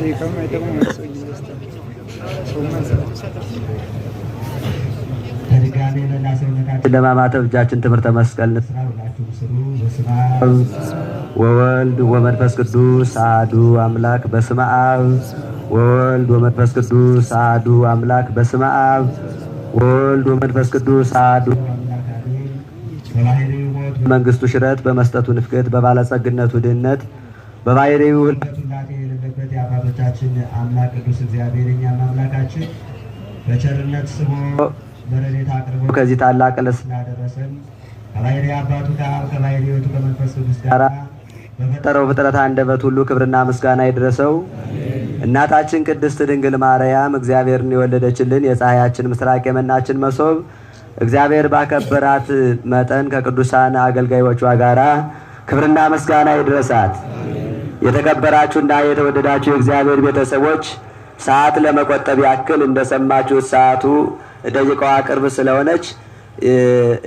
ደቂቃም አይደለም ለማማተብ እጃችን ትምህርተ መስቀል ወወልድ ወመንፈስ ቅዱስ አሐዱ አምላክ በስመ አብ ወወልድ ወመንፈስ ቅዱስ አሐዱ አምላክ በስመ አብ ወወልድ ወመንፈስ ቅዱስ አሐዱ መንግስቱ ሽረት በመስጠቱ ንፍቅት በባለጸግነቱ ድህነት በባህሪው የአባቶቻችን አምላክ ቅዱስ እግዚአብሔር እኛም አምላካችን በቸርነት ስሙ በረድኤት አቅርቦ ከዚህ ታላቅ ዕለት ስላደረሰን ከባይሪ አባቱ ከአብ ከባይሪ ወቱ ከመንፈስ ቅዱስ ጋር በፈጠረው ፍጥረት አንደበት ሁሉ ክብርና ምስጋና ይድረሰው። እናታችን ቅድስት ድንግል ማርያም እግዚአብሔርን የወለደችልን የፀሐያችን ምስራቅ የመናችን መሶብ እግዚአብሔር ባከበራት መጠን ከቅዱሳን አገልጋዮቿ ጋራ ክብርና ምስጋና ይድረሳት። የተከበራችሁና የተወደዳችሁ የእግዚአብሔር ቤተሰቦች ሰዓት ለመቆጠብ ያክል እንደሰማችሁ ሰዓቱ ደቂቃዋ ቅርብ ስለሆነች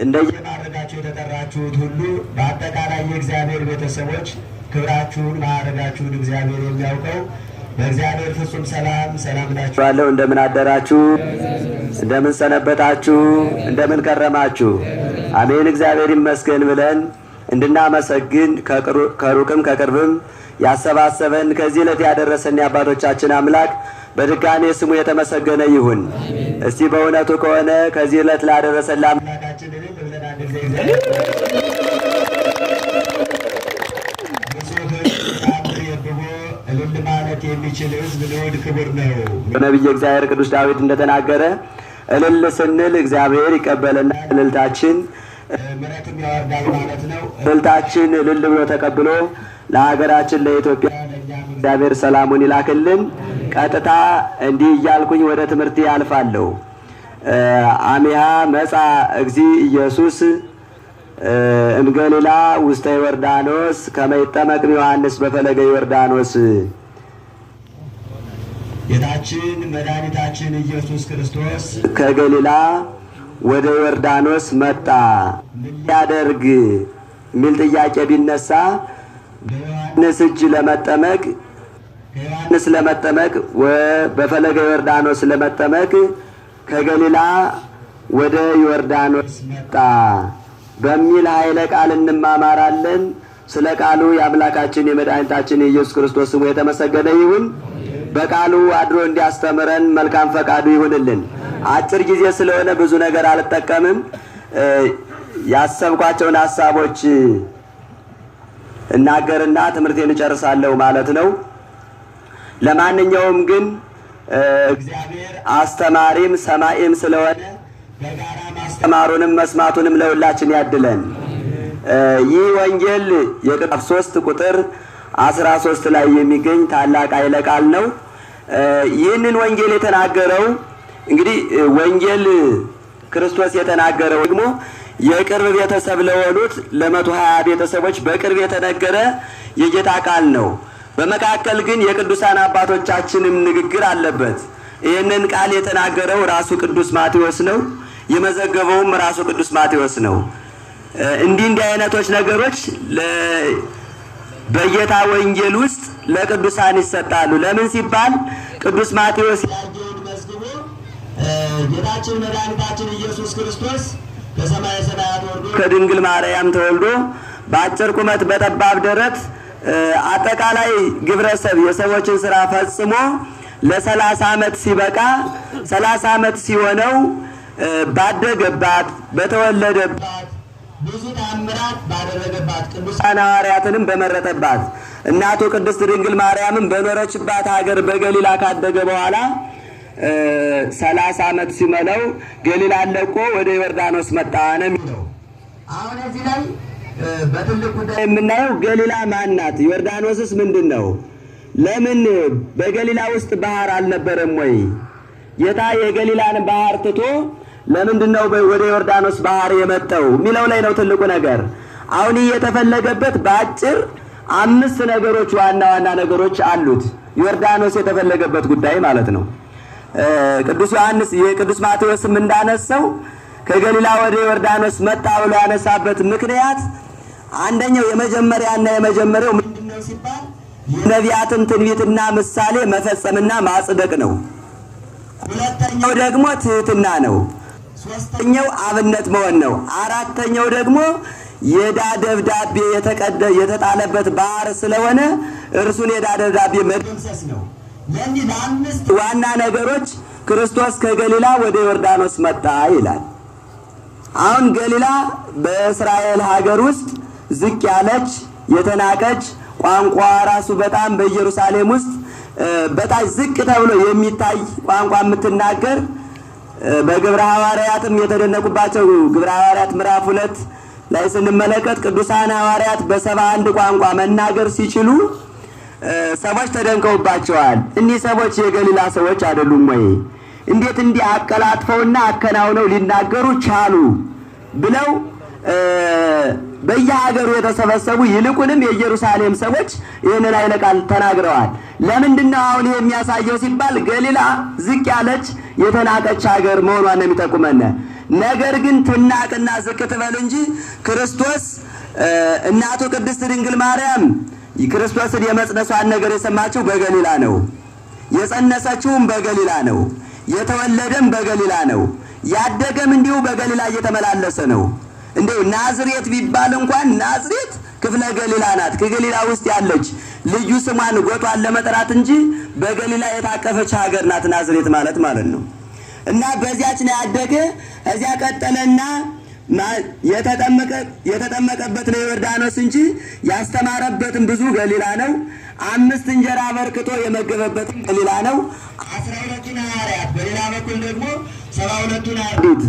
እንደየማረጋችሁ የተጠራችሁት ሁሉ በአጠቃላይ የእግዚአብሔር ቤተሰቦች ክብራችሁን ማረጋችሁን እግዚአብሔር የሚያውቀው በእግዚአብሔር ፍጹም ሰላም ሰላም ላችኋለሁ። እንደምን አደራችሁ? እንደምን ሰነበታችሁ? እንደምን ከረማችሁ? አሜን። እግዚአብሔር ይመስገን ብለን እንድናመሰግን ከሩቅም ከቅርብም ያሰባሰበን ከዚህ ዕለት ያደረሰን የአባቶቻችን አምላክ በድጋሜ ስሙ የተመሰገነ ይሁን። እስቲ በእውነቱ ከሆነ ከዚህ ዕለት ላደረሰን ለአምላካችን የሚችል እግዚአብሔር ቅዱስ ዳዊት እንደተናገረ እልል ስንል እግዚአብሔር ይቀበልና እልልታችን ምሕረትም ያወርዳል ማለት ነው። እልልታችን እልል ብሎ ተቀብሎ ለሀገራችን ለኢትዮጵያ እግዚአብሔር ሰላሙን ይላክልን። ቀጥታ እንዲህ እያልኩኝ ወደ ትምህርት ያልፋለሁ። አሚሃ መጻ እግዚ ኢየሱስ እምገሊላ ውስተ ዮርዳኖስ ከመይጠመቅም ዮሐንስ በፈለገ ዮርዳኖስ ጌታችን መድኃኒታችን ኢየሱስ ክርስቶስ ከገሊላ ወደ ዮርዳኖስ መጣ። ምን ሊያደርግ የሚል ጥያቄ ቢነሳ በዮሐንስ እጅ ለመጠመቅ ዮሐንስ ለመጠመቅ በፈለገ ዮርዳኖስ ለመጠመቅ ከገሊላ ወደ ዮርዳኖስ መጣ በሚል ኃይለ ቃል እንማማራለን። ስለ ቃሉ የአምላካችን የመድኃኒታችን የኢየሱስ ክርስቶስ ስሙ የተመሰገነ ይሁን። በቃሉ አድሮ እንዲያስተምረን መልካም ፈቃዱ ይሁንልን። አጭር ጊዜ ስለሆነ ብዙ ነገር አልጠቀምም። ያሰብኳቸውን ሀሳቦች እናገርና ትምህርቴን እጨርሳለሁ ማለት ነው። ለማንኛውም ግን እግዚአብሔር አስተማሪም ሰማይም ስለሆነ በጋራ ማስተማሩንም መስማቱንም ለሁላችን ያድለን። ይህ ወንጌል የቅጣፍ ሶስት ቁጥር አስራ ሶስት ላይ የሚገኝ ታላቅ ኃይለ ቃል ነው። ይህንን ወንጌል የተናገረው እንግዲህ ወንጌል ክርስቶስ የተናገረው ደግሞ የቅርብ ቤተሰብ ለሆኑት ለመቶ ሀያ ቤተሰቦች በቅርብ የተነገረ የጌታ ቃል ነው። በመካከል ግን የቅዱሳን አባቶቻችንም ንግግር አለበት። ይህንን ቃል የተናገረው ራሱ ቅዱስ ማቴዎስ ነው። የመዘገበውም ራሱ ቅዱስ ማቴዎስ ነው። እንዲህ እንዲህ አይነቶች ነገሮች በጌታ ወንጌል ውስጥ ለቅዱሳን ይሰጣሉ። ለምን ሲባል ቅዱስ ማቴዎስ ያየውን መዝግቦ ጌታችን መድኃኒታችን ኢየሱስ ክርስቶስ ከድንግል ማርያም ተወልዶ በአጭር ቁመት በጠባብ ደረት አጠቃላይ ግብረሰብ የሰዎችን ስራ ፈጽሞ ለሰላሳ ዓመት ሲበቃ ሰላሳ ዓመት ሲሆነው ባደገባት በተወለደባት ብዙ ታምራት ባደረገባት ቅዱሳን ሐዋርያትንም በመረጠባት እናቱ ቅድስት ድንግል ማርያምን በኖረችባት ሀገር በገሊላ ካደገ በኋላ ሰላሳ ዓመት ሲመለው ገሊላ ለቆ ወደ ዮርዳኖስ መጣ ነው የሚለው። አሁን እዚህ ላይ በትልቅ ጉዳይ የምናየው ገሊላ ማን ናት? ዮርዳኖስስ ምንድን ነው? ለምን በገሊላ ውስጥ ባህር አልነበረም ወይ? ጌታ የገሊላን ባህር ትቶ ለምንድን ነው ወደ ዮርዳኖስ ባህር የመጣው የሚለው ላይ ነው ትልቁ ነገር። አሁን የተፈለገበት በአጭር አምስት ነገሮች ዋና ዋና ነገሮች አሉት ዮርዳኖስ የተፈለገበት ጉዳይ ማለት ነው። ቅዱስ ዮሐንስ የቅዱስ ማቴዎስም እንዳነሰው ከገሊላ ወደ ዮርዳኖስ መጣ ብሎ ያነሳበት ምክንያት አንደኛው የመጀመሪያና የመጀመሪያው ምንድነው ሲባል የነቢያትን ትንቢትና ምሳሌ መፈጸምና ማጽደቅ ነው። ሁለተኛው ደግሞ ትህትና ነው። ሶስተኛው አብነት መሆን ነው። አራተኛው ደግሞ የዳ ደብዳቤ የተቀደ የተጣለበት ባህር ስለሆነ እርሱን የዳ ደብዳቤ መደምሰስ ነው። ዋና ነገሮች ክርስቶስ ከገሊላ ወደ ዮርዳኖስ መጣ ይላል። አሁን ገሊላ በእስራኤል ሀገር ውስጥ ዝቅ ያለች የተናቀች ቋንቋ ራሱ በጣም በኢየሩሳሌም ውስጥ በታች ዝቅ ተብሎ የሚታይ ቋንቋ የምትናገር በግብረ ሐዋርያትም የተደነቁባቸው ግብረ ሐዋርያት ምዕራፍ ሁለት ላይ ስንመለከት ቅዱሳን ሐዋርያት በሰባ አንድ ቋንቋ መናገር ሲችሉ ሰዎች ተደንቀውባቸዋል። እኒህ ሰዎች የገሊላ ሰዎች አይደሉም ወይ? እንዴት እንዲህ አቀላጥፈውና አከናውነው ሊናገሩ ቻሉ ብለው በየሀገሩ የተሰበሰቡ ይልቁንም የኢየሩሳሌም ሰዎች ይህንን አይነ ቃል ተናግረዋል። ለምንድነው አሁን የሚያሳየው ሲባል ገሊላ ዝቅ ያለች የተናቀች ሀገር መሆኗን ነው የሚጠቁመን። ነገር ግን ትናቅና ዝቅ ትበል እንጂ ክርስቶስ እናቱ ቅድስት ድንግል ማርያም ክርስቶስን የመጽነሷን ነገር የሰማችው በገሊላ ነው። የጸነሰችውም በገሊላ ነው። የተወለደም በገሊላ ነው። ያደገም እንዲሁ በገሊላ እየተመላለሰ ነው። እንዲሁ ናዝሬት ቢባል እንኳን ናዝሬት ክፍለ ገሊላ ናት። ከገሊላ ውስጥ ያለች ልዩ ስሟን ጎቷን ለመጠራት እንጂ በገሊላ የታቀፈች ሀገር ናት ናዝሬት ማለት ማለት ነው። እና በዚያች ነው ያደገ። እዚያ ቀጠለና የተጠመቀበት ዮርዳኖስ እንጂ ያስተማረበትም ብዙ ገሊላ ነው። አምስት እንጀራ በርክቶ የመገበበትም ገሊላ ነው። አስራ ሁለቱን ሐዋርያት በሌላ በኩል ደግሞ ሰባ ሁለቱን አርዱት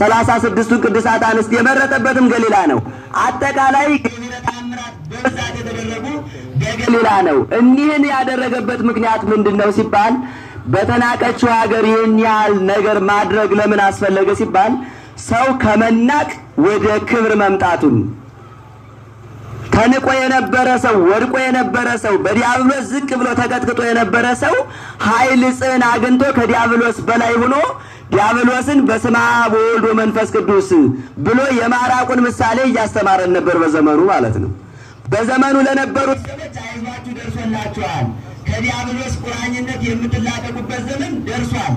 ሰላሳ ስድስቱን ቅዱሳት አንስት የመረጠበትም ገሊላ ነው። አጠቃላይ ተአምራት በብዛት የተደረጉ ገሊላ ነው። እኒህን ያደረገበት ምክንያት ምንድን ነው ሲባል በተናቀችው ሀገር ይህን ያህል ነገር ማድረግ ለምን አስፈለገ ሲባል ሰው ከመናቅ ወደ ክብር መምጣቱን ተንቆ የነበረ ሰው ወድቆ የነበረ ሰው በዲያብሎስ ዝቅ ብሎ ተቀጥቅጦ የነበረ ሰው ኃይል ጽን አግኝቶ ከዲያብሎስ በላይ ሆኖ ዲያብሎስን በስመ አብ ወወልድ ቅዱስ ብሎ የማራቁን ምሳሌ እያስተማረን ነበር፣ በዘመኑ ማለት ነው። በዘመኑ ለነበሩት ሰዎች አይዟችሁ ደርሶላችኋል ከዲያብሎስ ቁራኝነት የምትላቀቁበት ዘመን ደርሷል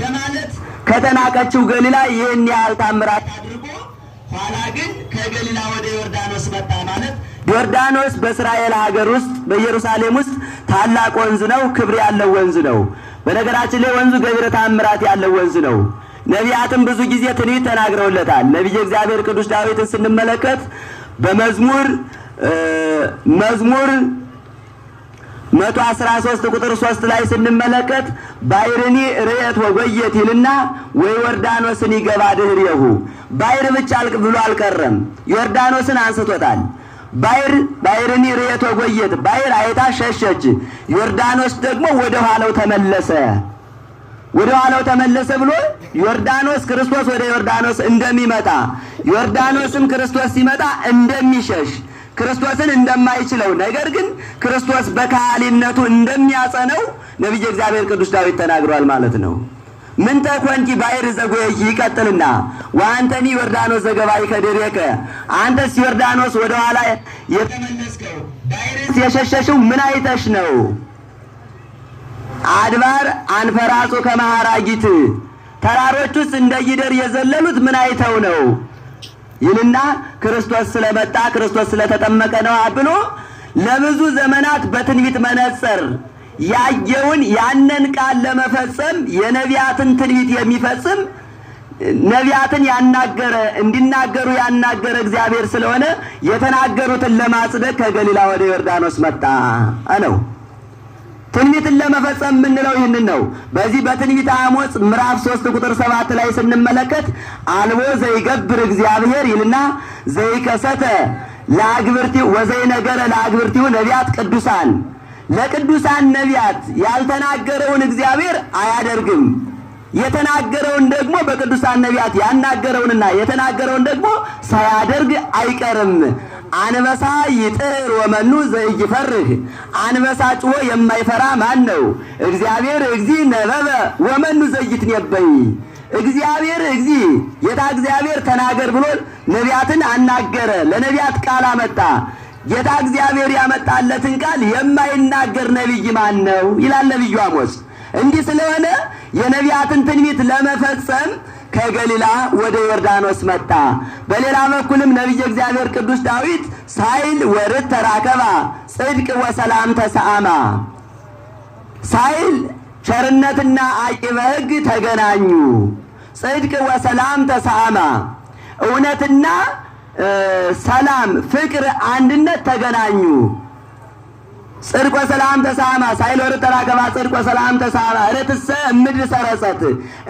ለማለት ከተናቀችው ገሊላ ይህን ያህል ታምራት አድርጎ ኋላ ግን ከገሊላ ወደ ዮርዳኖስ መጣ ማለት ዮርዳኖስ በእስራኤል ሀገር ውስጥ በኢየሩሳሌም ውስጥ ታላቅ ወንዝ ነው። ክብር ያለው ወንዝ ነው። በነገራችን ላይ ወንዙ ገቢረ ታምራት ያለው ወንዝ ነው። ነቢያትም ብዙ ጊዜ ትንቢት ተናግረውለታል። ነቢየ እግዚአብሔር ቅዱስ ዳዊትን ስንመለከት በመዝሙር መዝሙር መቶ አስራ ሶስት ቁጥር ሶስት ላይ ስንመለከት ባይርኒ ርየት ወጎየት ይልና ወይ ዮርዳኖስን ይገባ ድህሬሁ ባይር ብቻ አልቅ ብሎ አልቀረም፣ ዮርዳኖስን አንስቶታል። ባይር ባይርኒ ርየት ወጎየት ባይር አይታ ሸሸች፣ ዮርዳኖስ ደግሞ ወደ ኋላው ተመለሰ። ወደ ኋላው ተመለሰ ብሎ ዮርዳኖስ ክርስቶስ ወደ ዮርዳኖስ እንደሚመጣ ዮርዳኖስም ክርስቶስ ሲመጣ እንደሚሸሽ ክርስቶስን እንደማይችለው ነገር ግን ክርስቶስ በካህሊነቱ እንደሚያጸነው ነቢየ እግዚአብሔር ቅዱስ ዳዊት ተናግሯል ማለት ነው። ምንተ ኮንቲ ባይር ዘጎይ ይቀጥልና ወአንተኒ ዮርዳኖስ ዘገባይ ከደሬከ አንተስ ዮርዳኖስ ወደ ኋላ የተመለስከው የሸሸሽው ምን አይተሽ ነው? አድባር አንፈራጹ ከመሃራጊት ተራሮቹስ እንደ ጊደር የዘለሉት ምን አይተው ነው? ይልና ክርስቶስ ስለመጣ ክርስቶስ ስለተጠመቀ ነው ብሎ ለብዙ ዘመናት በትንቢት መነጽር ያየውን ያንን ቃል ለመፈጸም የነቢያትን ትንቢት የሚፈጽም ነቢያትን ያናገረ እንዲናገሩ ያናገረ እግዚአብሔር ስለሆነ የተናገሩትን ለማጽደቅ ከገሊላ ወደ ዮርዳኖስ መጣ ነው። ትንቢትን ለመፈጸም የምንለው ይህንን ነው። በዚህ በትንቢት አሞጽ ምዕራፍ ሶስት ቁጥር ሰባት ላይ ስንመለከት አልቦ ዘይገብር እግዚአብሔር ይልና ዘይከሰተ ለአግብርቲ ወዘይ ነገረ ለአግብርቲው ነቢያት ቅዱሳን ለቅዱሳን ነቢያት ያልተናገረውን እግዚአብሔር አያደርግም። የተናገረውን ደግሞ በቅዱሳን ነቢያት ያናገረውንና የተናገረውን ደግሞ ሳያደርግ አይቀርም። አንበሳ ይጥር ወመኑ ዘይፈርህ፣ አንበሳ ጭሆ የማይፈራ ማን ነው? እግዚአብሔር እግዚ ነበበ ወመኑ ዘይትነበይ፣ እግዚአብሔር እግዚ ጌታ እግዚአብሔር ተናገር ብሎ ነቢያትን አናገረ፣ ለነቢያት ቃል አመጣ። ጌታ እግዚአብሔር ያመጣለትን ቃል የማይናገር ነቢይ ማን ነው? ይላል ነቢዩ አሞስ። እንዲህ ስለሆነ የነቢያትን ትንቢት ለመፈጸም ከገሊላ ወደ ዮርዳኖስ መጣ። በሌላ በኩልም ነቢየ እግዚአብሔር ቅዱስ ዳዊት ሳይል ወርድ ተራከባ ጽድቅ ወሰላም ተሰአማ ሳይል ቸርነትና አቂበ ሕግ ተገናኙ። ጽድቅ ወሰላም ተሰአማ እውነትና ሰላም፣ ፍቅር፣ አንድነት ተገናኙ። ጽድቆ ሰላም ተሳማ ሳይሎር ተራገባ ጽድቆ ሰላም ተሳማ እረትሰ ምድር ሰረጸት።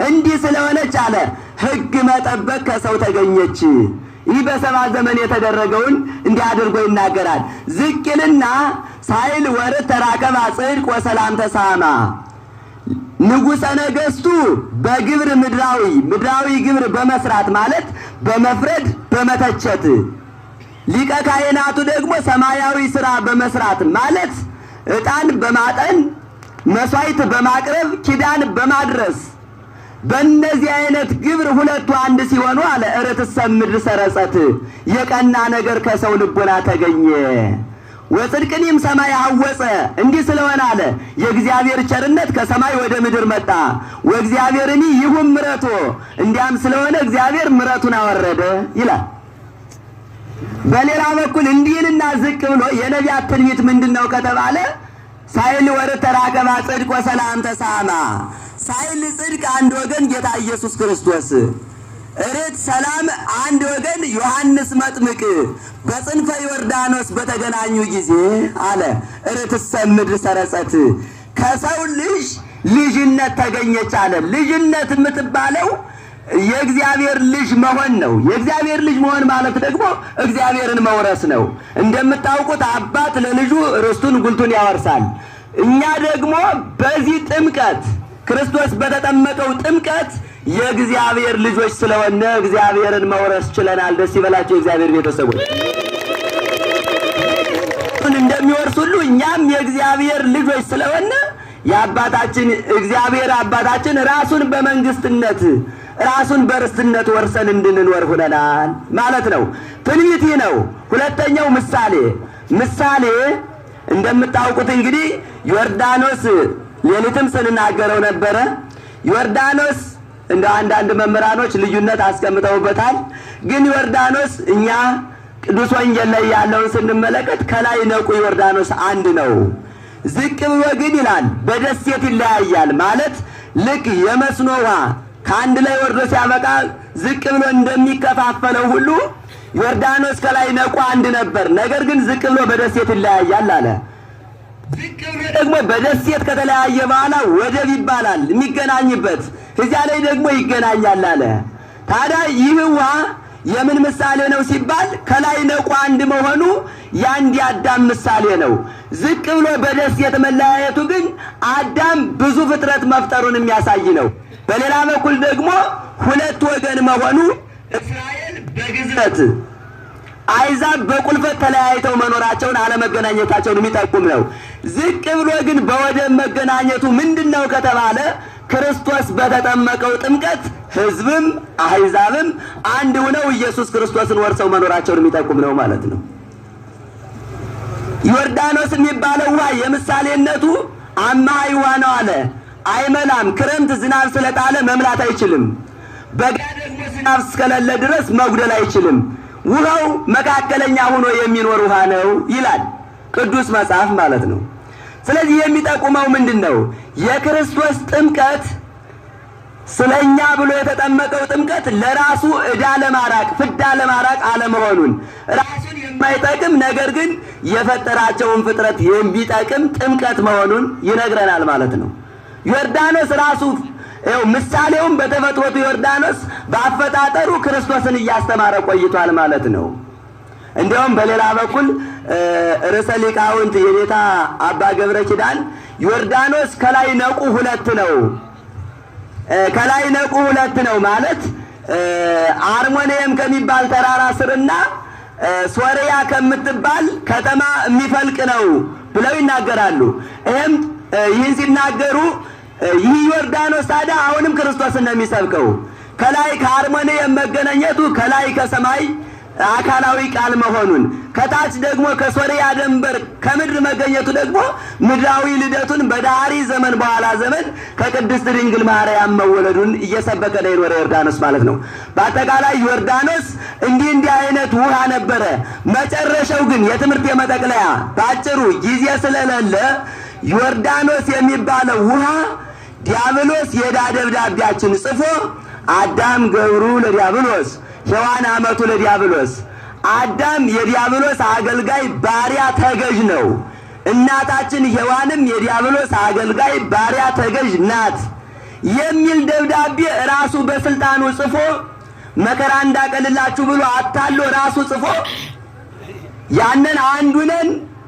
እንዲህ ስለሆነች አለ ህግ መጠበቅ ከሰው ተገኘች። ይህ በሰባ ዘመን የተደረገውን እንዲህ አድርጎ ይናገራል። ዝቅልና ሳይል ወር ተራከባ ጽድቅ ወሰላም ተሳማ ንጉሠ ነገሥቱ በግብር ምድራዊ ምድራዊ ግብር በመስራት ማለት በመፍረድ በመተቸት ሊቀ ካህናቱ ደግሞ ሰማያዊ ስራ በመስራት ማለት ዕጣን በማጠን መስዋዕት በማቅረብ ኪዳን በማድረስ በእነዚህ አይነት ግብር ሁለቱ አንድ ሲሆኑ አለ ምድር ሰረጸት የቀና ነገር ከሰው ልቦና ተገኘ ወጽድቅኒም ሰማይ አወፀ። እንዲህ ስለሆነ አለ የእግዚአብሔር ቸርነት ከሰማይ ወደ ምድር መጣ። ወእግዚአብሔርኒ ይሁን ምረቶ እንዲያም ስለሆነ እግዚአብሔር ምረቱን አወረደ ይላል። በሌላ በኩል እንዲህንና ዝቅ ብሎ የነቢያት ትንቢት ምንድን ነው ከተባለ ሳይል ወር ተራቀባ ጽድቅ ወሰላም ተሳማ ሳይል ጽድቅ አንድ ወገን ጌታ ኢየሱስ ክርስቶስ እርት ሰላም አንድ ወገን ዮሐንስ መጥምቅ በጽንፈ ዮርዳኖስ በተገናኙ ጊዜ አለ እሬት ሰምድ ሰረጸት ከሰው ልጅ ልጅነት ተገኘች አለ። ልጅነት የምትባለው የእግዚአብሔር ልጅ መሆን ነው። የእግዚአብሔር ልጅ መሆን ማለት ደግሞ እግዚአብሔርን መውረስ ነው። እንደምታውቁት አባት ለልጁ ርስቱን ጉልቱን ያወርሳል። እኛ ደግሞ በዚህ ጥምቀት ክርስቶስ በተጠመቀው ጥምቀት የእግዚአብሔር ልጆች ስለሆነ እግዚአብሔርን መውረስ ችለናል። ደስ ይበላቸው የእግዚአብሔር ቤተሰቦች። እንደሚወርስ ሁሉ እኛም የእግዚአብሔር ልጆች ስለሆነ የአባታችን እግዚአብሔር አባታችን ራሱን በመንግስትነት ራሱን በርስትነት ወርሰን እንድንኖር ሁነናል ማለት ነው። ትንቢት ይህ ነው። ሁለተኛው ምሳሌ ምሳሌ እንደምታውቁት እንግዲህ ዮርዳኖስ ሌሊትም ስንናገረው ነበረ። ዮርዳኖስ እንደ አንዳንድ መምህራኖች ልዩነት አስቀምጠውበታል። ግን ዮርዳኖስ እኛ ቅዱስ ወንጌል ላይ ያለውን ስንመለከት ከላይ ነቁ ዮርዳኖስ አንድ ነው፣ ዝቅ ብሎ ግን ይላል በደሴት ይለያያል ማለት ልክ የመስኖ ውሃ ከአንድ ላይ ወርዶ ሲያበቃ ዝቅ ብሎ እንደሚከፋፈለው ሁሉ ዮርዳኖስ ከላይ ነቁ አንድ ነበር። ነገር ግን ዝቅ ብሎ በደሴት ይለያያል አለ። ዝቅ ብሎ ደግሞ በደሴት ከተለያየ በኋላ ወደብ ይባላል የሚገናኝበት፣ እዚያ ላይ ደግሞ ይገናኛል አለ። ታዲያ ይህ ውሃ የምን ምሳሌ ነው ሲባል ከላይ ነቁ አንድ መሆኑ የአንድ የአዳም ምሳሌ ነው። ዝቅ ብሎ በደሴት መለያየቱ ግን አዳም ብዙ ፍጥረት መፍጠሩን የሚያሳይ ነው። በሌላ በኩል ደግሞ ሁለት ወገን መሆኑ እስራኤል በግዝነት አይዛብ በቁልፈት ተለያይተው መኖራቸውን አለመገናኘታቸውን የሚጠቁም ነው። ዝቅ ብሎ ግን በወደብ መገናኘቱ ምንድን ነው ከተባለ ክርስቶስ በተጠመቀው ጥምቀት ሕዝብም አሕዛብም አንድ ሆነው ኢየሱስ ክርስቶስን ወርሰው መኖራቸውን የሚጠቁም ነው ማለት ነው። ዮርዳኖስ የሚባለው ውሃ የምሳሌነቱ አማሃይ ውሃ ነው አለ አይመላም። ክረምት ዝናብ ስለጣለ መምላት አይችልም። በጋ ደግሞ ዝናብ እስከሌለ ድረስ መጉደል አይችልም። ውሃው መካከለኛ ሆኖ የሚኖር ውሃ ነው ይላል ቅዱስ መጽሐፍ ማለት ነው። ስለዚህ የሚጠቁመው ምንድን ነው? የክርስቶስ ጥምቀት ስለኛ ብሎ የተጠመቀው ጥምቀት ለራሱ ዕዳ ለማራቅ ፍዳ ለማራቅ አለመሆኑን ራሱን የማይጠቅም ነገር ግን የፈጠራቸውን ፍጥረት የሚጠቅም ጥምቀት መሆኑን ይነግረናል ማለት ነው። ዮርዳኖስ ራሱ ይኸው ምሳሌውም በተፈጥሮቱ ዮርዳኖስ በአፈጣጠሩ ክርስቶስን እያስተማረ ቆይቷል ማለት ነው። እንዲያውም በሌላ በኩል ርዕሰ ሊቃውንት የኔታ አባ ገብረ ኪዳን ዮርዳኖስ ከላይ ነቁ ሁለት ነው ከላይ ነቁ ሁለት ነው ማለት አርሞንየም ከሚባል ተራራ ስርና ሶሪያ ከምትባል ከተማ የሚፈልቅ ነው ብለው ይናገራሉ። ይህም ይህን ሲናገሩ ይህ ዮርዳኖስ ታዲያ አሁንም ክርስቶስን እንደሚሰብከው ከላይ ከአርመኔ የመገናኘቱ ከላይ ከሰማይ አካላዊ ቃል መሆኑን ከታች ደግሞ ከሶሪያ ድንበር ከምድር መገኘቱ ደግሞ ምድራዊ ልደቱን በዳሪ ዘመን በኋላ ዘመን ከቅድስት ድንግል ማርያም መወለዱን እየሰበከ ነው ዮርዳኖስ ማለት ነው። በአጠቃላይ ዮርዳኖስ እንዲህ እንዲህ አይነት ውሃ ነበረ። መጨረሻው ግን የትምህርት የመጠቅለያ በአጭሩ ጊዜ ስለሌለ ዮርዳኖስ የሚባለው ውሃ ዲያብሎስ የዕዳ ደብዳቤያችን ጽፎ አዳም ገብሩ ለዲያብሎስ ሔዋን አመቱ ለዲያብሎስ። አዳም የዲያብሎስ አገልጋይ ባሪያ ተገዥ ነው። እናታችን ሔዋንም የዲያብሎስ አገልጋይ ባሪያ ተገዥ ናት የሚል ደብዳቤ ራሱ በስልጣኑ ጽፎ መከራ እንዳቀልላችሁ ብሎ አታሎ ራሱ ጽፎ ያንን አንዱንን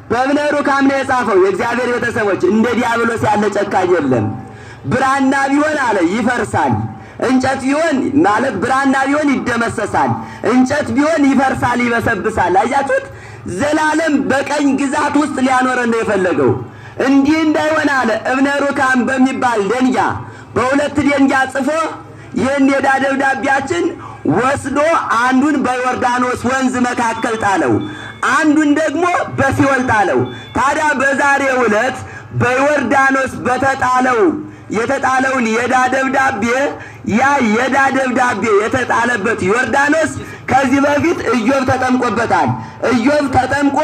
በእብነ ሩካም ነው የጻፈው። የእግዚአብሔር ቤተሰቦች እንደ ዲያብሎስ ያለ ጨካኝ የለም። ብራና ቢሆን አለ ይፈርሳል። እንጨት ቢሆን ማለት ብራና ቢሆን ይደመሰሳል። እንጨት ቢሆን ይፈርሳል፣ ይበሰብሳል። አያችሁት? ዘላለም በቀኝ ግዛት ውስጥ ሊያኖረን ነው የፈለገው። እንዲህ እንዳይሆን አለ እብነ ሩካን በሚባል ደንጃ በሁለት ደንጃ ጽፎ ይህን የዕዳ ደብዳቤያችን ወስዶ አንዱን በዮርዳኖስ ወንዝ መካከል ጣለው፣ አንዱን ደግሞ በሲወል ጣለው። ታዲያ በዛሬው ዕለት በዮርዳኖስ በተጣለው የተጣለውን የዳ ደብዳቤ ያ የዕዳ ደብዳቤ የተጣለበት ዮርዳኖስ ከዚህ በፊት ኢዮብ ተጠምቆበታል። ኢዮብ ተጠምቆ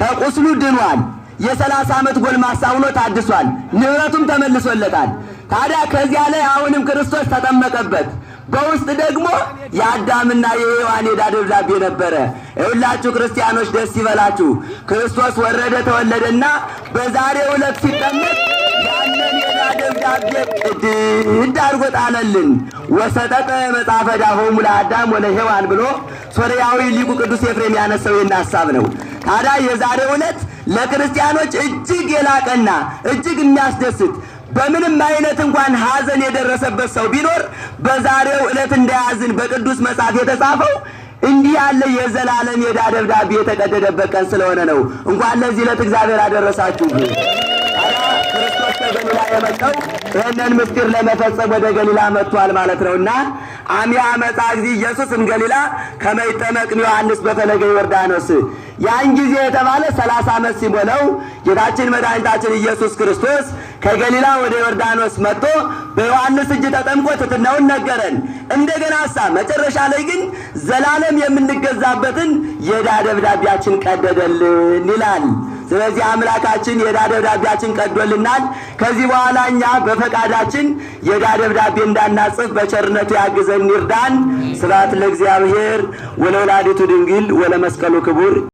ከቁስሉ ድኗል። የሰላሳ ዓመት ጎልማሳ ሆኖ ታድሷል። ንብረቱም ተመልሶለታል። ታዲያ ከዚያ ላይ አሁንም ክርስቶስ ተጠመቀበት። በውስጥ ደግሞ የአዳምና የሔዋን ዕዳ ደብዳቤ ነበረ። ሁላችሁ ክርስቲያኖች ደስ ይበላችሁ። ክርስቶስ ወረደ ተወለደና በዛሬው ዕለት ሲጠመቅ ያንን የዕዳ ደብዳቤ ቅድድ አድርጎ ጣለልን። ወሰጠጠ መጽሐፈ ዳሆሙ ለአዳም ወለሔዋን ብሎ ሶርያዊ ሊቁ ቅዱስ ኤፍሬም ያነሰው ይህን ሀሳብ ነው። ታዲያ የዛሬው ዕለት ለክርስቲያኖች እጅግ የላቀና እጅግ የሚያስደስት በምንም አይነት እንኳን ሐዘን የደረሰበት ሰው ቢኖር በዛሬው ዕለት እንዳያዝን በቅዱስ መጽሐፍ የተጻፈው እንዲህ ያለ የዘላለም የዕዳ ደብዳቤ የተቀደደበት ቀን ስለሆነ ነው። እንኳን ለዚህ ዕለት እግዚአብሔር አደረሳችሁ። ከገሊላ የመጣው ይህንን ምስጢር ለመፈጸም ወደ ገሊላ መጥቷል ማለት ነው እና አሚያ መጣ ጊዜ ኢየሱስ እምገሊላ ከመይጠመቅም ዮሐንስ በፈለገ ዮርዳኖስ ያን ጊዜ የተባለ ሰላሳ ዓመት ሲሞላው ጌታችን መድኃኒታችን ኢየሱስ ክርስቶስ ከገሊላ ወደ ዮርዳኖስ መጥቶ በዮሐንስ እጅ ተጠምቆ ትሕትናውን ነገረን። እንደገና ሳ መጨረሻ ላይ ግን ዘላለም የምንገዛበትን የዕዳ ደብዳቤያችን ቀደደልን ይላል። ስለዚህ አምላካችን የዕዳ ደብዳቤያችን ቀዶልናል። ከዚህ በኋላ እኛ በፈቃዳችን የዕዳ ደብዳቤ እንዳናጽፍ በቸርነቱ ያግዘን ይርዳን። ስብሐት ለእግዚአብሔር ወለወላዲቱ ድንግል ወለመስቀሉ ክቡር